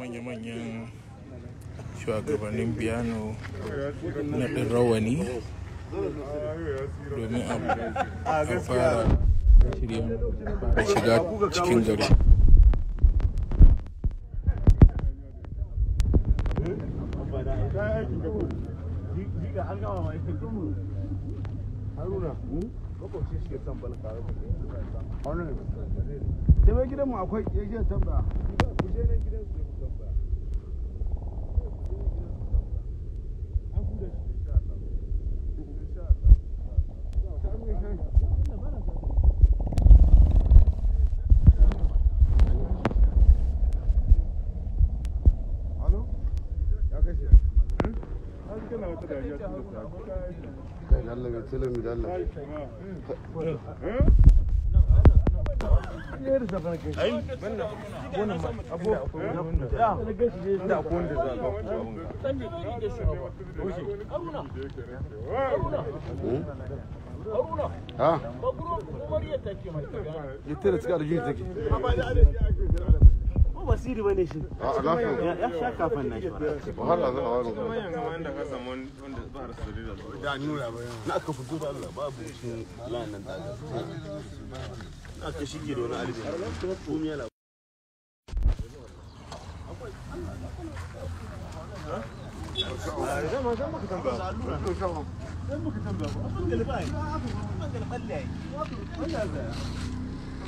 manya-manyan shugabannin biyano na ɗin rawani domin a fara shiga cikin gari haruna makwabci balka wani ne sai gidanmu akwai yake tambaya Geceyle girer suyu bu toprağa. Geceyle girer bu toprağa. Ben burada şimdi inşallah. İnşallah. Tamam ya. Tamam ya. Alo? Yakışır. Gel, Allah ve selam, gel Allah. ɗaya da zaɓar gashi ai wannan ma abu ha wasiri bane shi ya sha kafin na shi ba har azan awaro kuma yan ga wanda ka samu wanda ba har sirri da da nuna ba na aka fito ba Allah babu shi lanan da ga na aka shige da wani alibi kumiya la zama zama ka tambaya zama ka tambaya ba ban galba ai ban galba lai wannan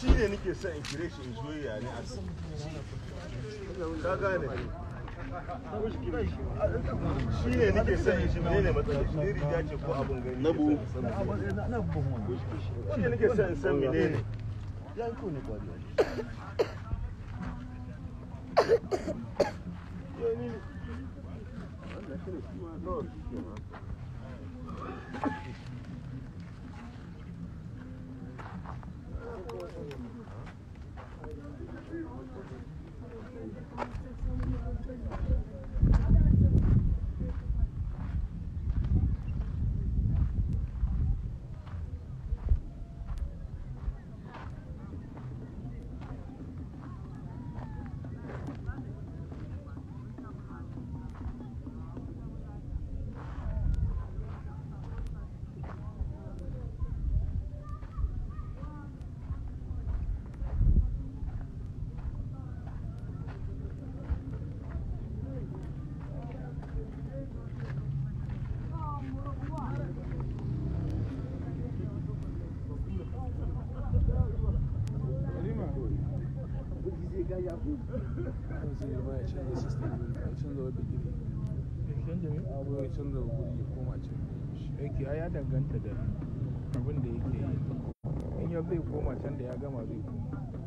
shi ne nake sa in kire shi in ya ne gane shi ne sa in shi ne ne ne riga ce ko gani na bu shi ne sa in san ne Thank you. zai ma ya canza system ya canza wani digiri ya canza ne? abu ya canza guri ya koma can aiki ya danganta da abin da yake yi in ya zai koma can da ya gama zai koma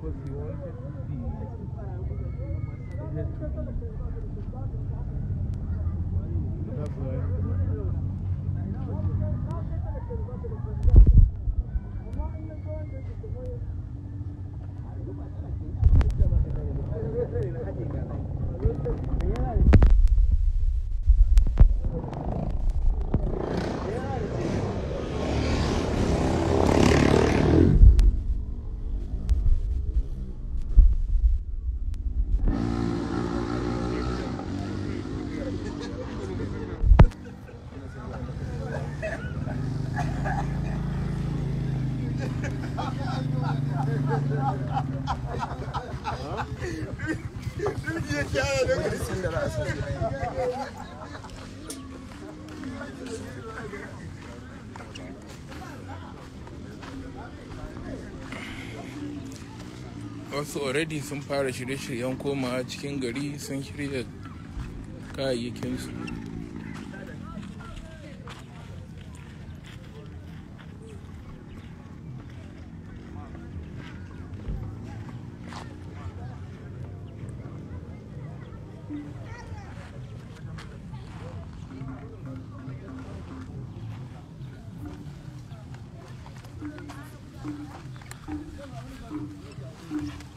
because he wanted the electricity. That's why. wasu already sun fara shirye-shiryen komawa cikin gari sun shirya kayayyakinsu Thank you.